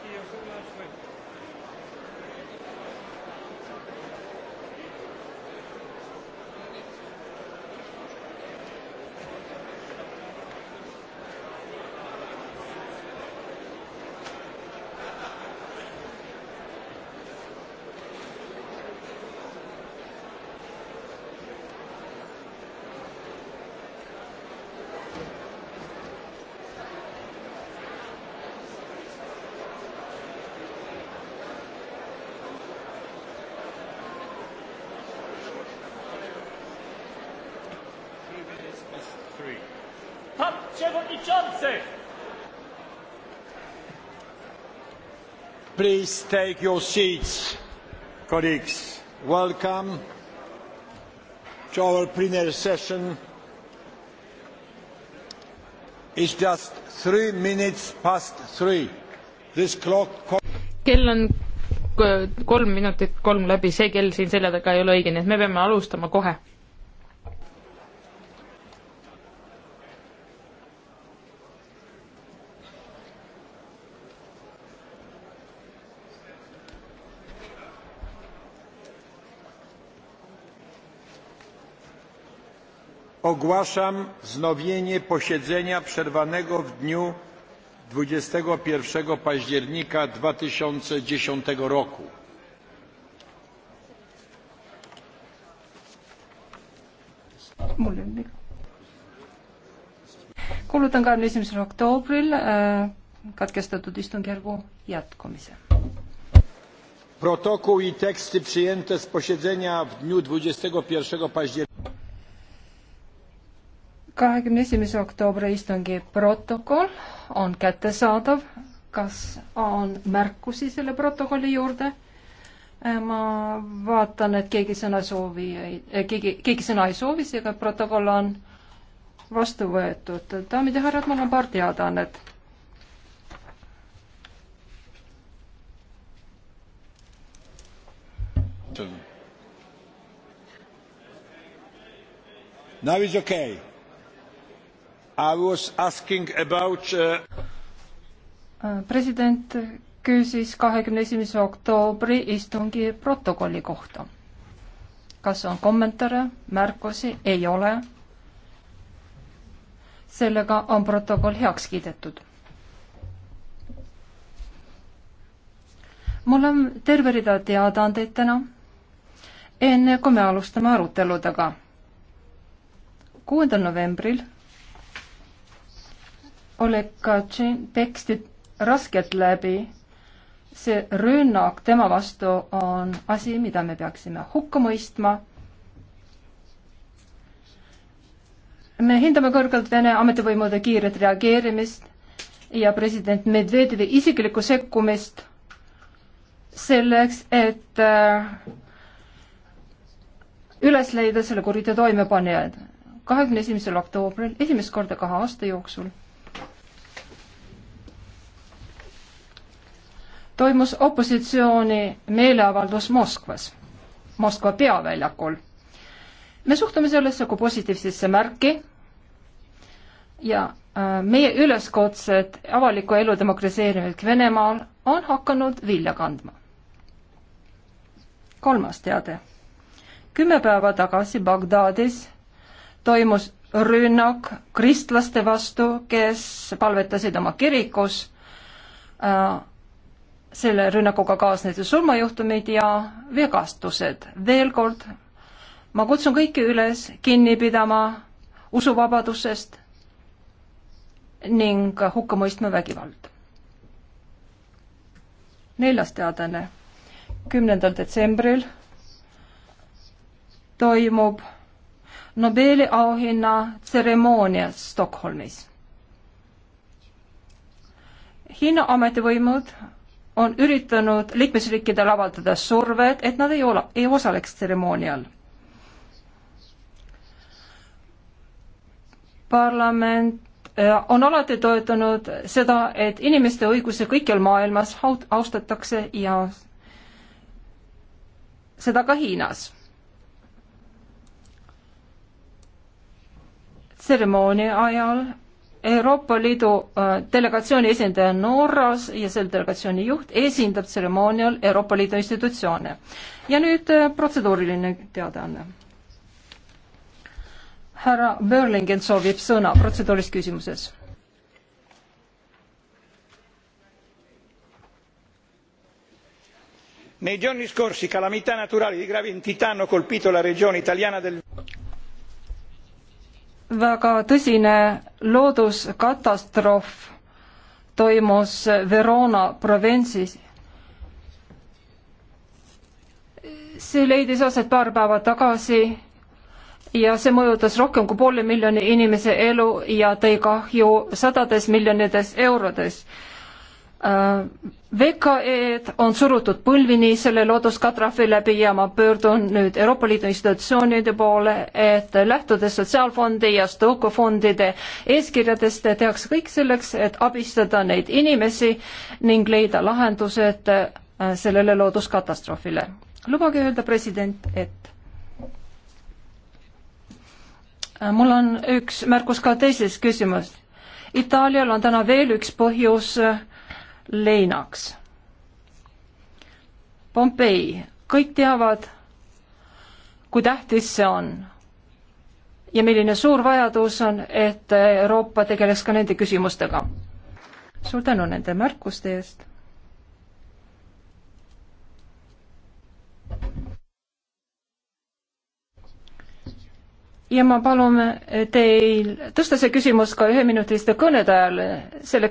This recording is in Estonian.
Thank you so much. przewodniczący! Please take your seats, colleagues. Welcome to our plenary session. It's just three minutes past three. This clock... kell on kolm minutit kolm läbi, see kell siin selja taga ei ole õige, nii et me peame alustama kohe ogłaszam wznowienie posiedzenia przerwanego w dniu dwadzieścia jeden października dwa tysiące dziesięć roku. kuulutan kahekümne esimesel oktoobril äh, katkestatud istungjärgu jätkumise. protokół i teksty przyjęte z posiedzenia w dniu dwadzieścia jeden października kahekümne esimese oktoobri istungi protokoll on kättesaadav. kas on märkusi selle protokolli juurde? Äh, ma vaatan, et keegi sõna soovi, äh, keegi, keegi sõna ei soovi, seega protokoll on vastu võetud. daamid ja härrad, mul on paar teadaannet now is okay. About... Uh, president küsis kahekümne esimese oktoobri istungi protokolli kohta. kas on kommentaare, märkusi? ei ole. sellega on protokoll heaks kiidetud. mul on terve rida teadaandeid täna, enne kui me alustame aruteludega. kuuendal novembril oleks ka teksti raskelt läbi. see rünnak tema vastu on asi, mida me peaksime hukka mõistma. me hindame kõrgelt Vene ametivõimude kiiret reageerimist ja president Medvedjevi isiklikku sekkumist selleks, et äh, üles leida selle kuriteo toimepanijad. kahekümne esimesel oktoobril esimest korda kahe aasta jooksul toimus opositsiooni meeleavaldus Moskvas, Moskva peaväljakul. me suhtume sellesse kui positiivsesse märki ja äh, meie üleskutsed avaliku elu demokratiseerimiseks Venemaal on hakanud vilja kandma. kolmas teade. kümme päeva tagasi Bagdaadis toimus rünnak kristlaste vastu, kes palvetasid oma kirikus äh, selle rünnakuga kaasnesid surmajuhtumid ja vigastused. veel kord, ma kutsun kõiki üles kinni pidama usuvabadusest ning hukka mõistma vägivalda. neljas teadlane, kümnendal detsembril toimub Nobeli auhinna tseremoonia Stockholmis. Hiina ametivõimud on üritanud liikmesriikidel avaldada survet, et nad ei ole, ei osaleks tseremoonial. parlament äh, on alati toetanud seda, et inimeste õigusi kõikjal maailmas austatakse ja seda ka Hiinas. tseremoonia ajal Euroopa Liidu äh, delegatsiooni esindaja Norras ja selle delegatsiooni juht esindab tseremoonial Euroopa Liidu institutsioone. ja nüüd äh, protseduuriline teadaanne. härra Börlingen soovib sõna protseduurilises küsimuses. Nei giorni scorsi calamità naturali di grave entità hanno colpito la regione italiana del väga tõsine looduskatastroof toimus Verona provintsis. see leidis aset paar päeva tagasi ja see mõjutas rohkem kui poole miljoni inimese elu ja tõi kahju sadades miljonites eurodes VKE-d on surutud põlvini selle looduskatastroofi läbi ja ma pöördun nüüd Euroopa Liidu institutsioonide poole, et lähtudes Sotsiaalfondi ja Stoka fondide eeskirjadest tehakse kõik selleks, et abistada neid inimesi ning leida lahendused äh, sellele looduskatastroofile. lubage öelda, president, et äh, mul on üks märkus ka teises küsimus. Itaalial on täna veel üks põhjus äh, leinaks. Pompei, kõik teavad, kui tähtis see on ja milline suur vajadus on, et Euroopa tegeleks ka nende küsimustega. suur tänu nende märkuste eest. ja ma palun teil tõsta see küsimus ka üheminutiliste kõnede ajal, selleks